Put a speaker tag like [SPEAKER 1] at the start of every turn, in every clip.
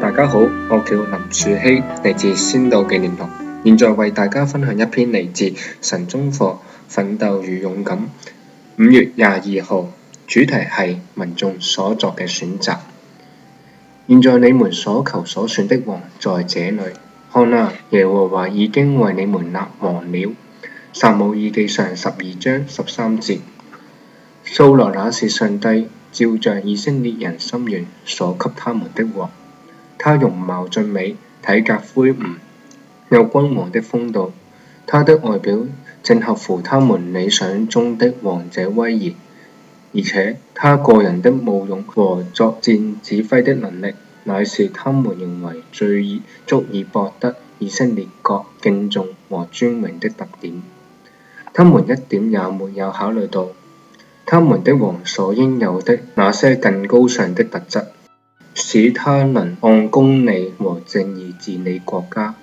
[SPEAKER 1] 大家好，我叫林樹希，嚟自先道紀念堂。現在為大家分享一篇嚟自神中課《奮鬥與勇敢》五月廿二號，主題係民眾所作嘅選擇。現在你們所求所選的王在這裏。看啦，耶和華已經為你們立王了。撒母耳記上十二章十三節，掃羅那是上帝照着以色列人心願所給他們的王。他容貌俊美，體格魁梧，有君王的風度。他的外表正合乎他們理想中的王者威嚴，而且他個人的武勇和作戰指揮的能力，乃是他們認為最以足以博得以色列國敬重和尊榮的特點。他們一點也沒有考慮到，他們的王所應有的那些更高尚的特質。使他能按公理和正義治理國家。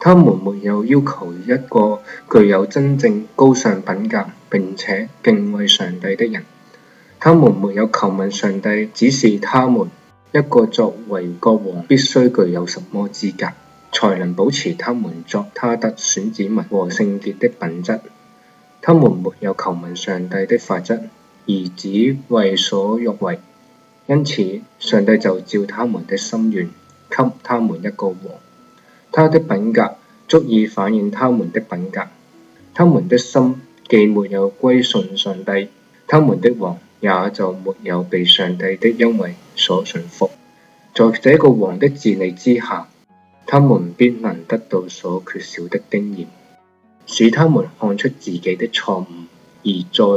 [SPEAKER 1] 他們沒有要求一個具有真正高尚品格並且敬畏上帝的人。他們沒有求問上帝，指示他們一個作為國王必須具有什麼資格，才能保持他們作他得選子民和聖潔的品質，他們沒有求問上帝的法則，而只為所欲為。因此，上帝就照他們的心願，給他們一個王。他的品格足以反映他們的品格。他們的心既沒有歸順上帝，他們的王也就沒有被上帝的恩惠所順服。在這個王的治理之下，他們必能得到所缺少的經驗，使他們看出自己的錯誤，而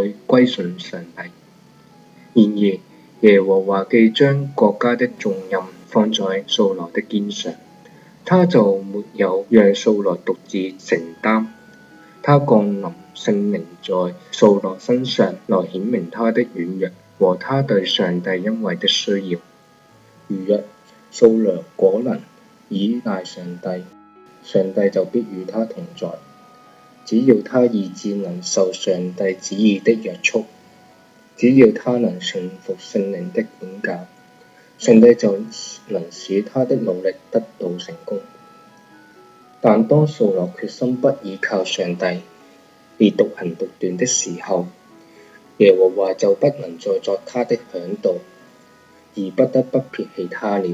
[SPEAKER 1] 再歸順上帝。然而，耶和華既將國家的重任放在掃羅的肩上，他就沒有讓掃羅獨自承擔。他降臨聖靈在掃羅身上，來顯明他的軟弱和他對上帝恩惠的需要。如若掃羅果能倚賴上帝，上帝就必與他同在，只要他意志能受上帝旨意的約束。只要他能順服聖靈的管教，上帝就能使他的努力得到成功。但當掃羅決心不倚靠上帝而獨行獨斷的時候，耶和華就不能再作他的嚮導，而不得不撇棄他了。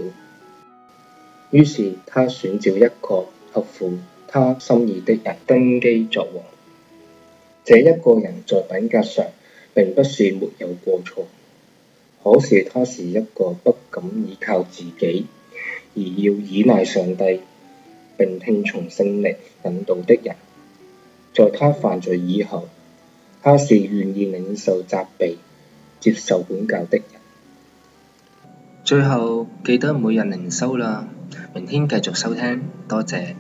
[SPEAKER 1] 於是他選召一個合乎他心意的人登基作王。這一個人在品格上，並不算沒有過錯，可是他是一個不敢依靠自己，而要依賴上帝，並聽從聖靈引導的人。在他犯罪以後，他是願意領受責備、接受管教的人。最後記得每日靈修啦，明天繼續收聽，多謝。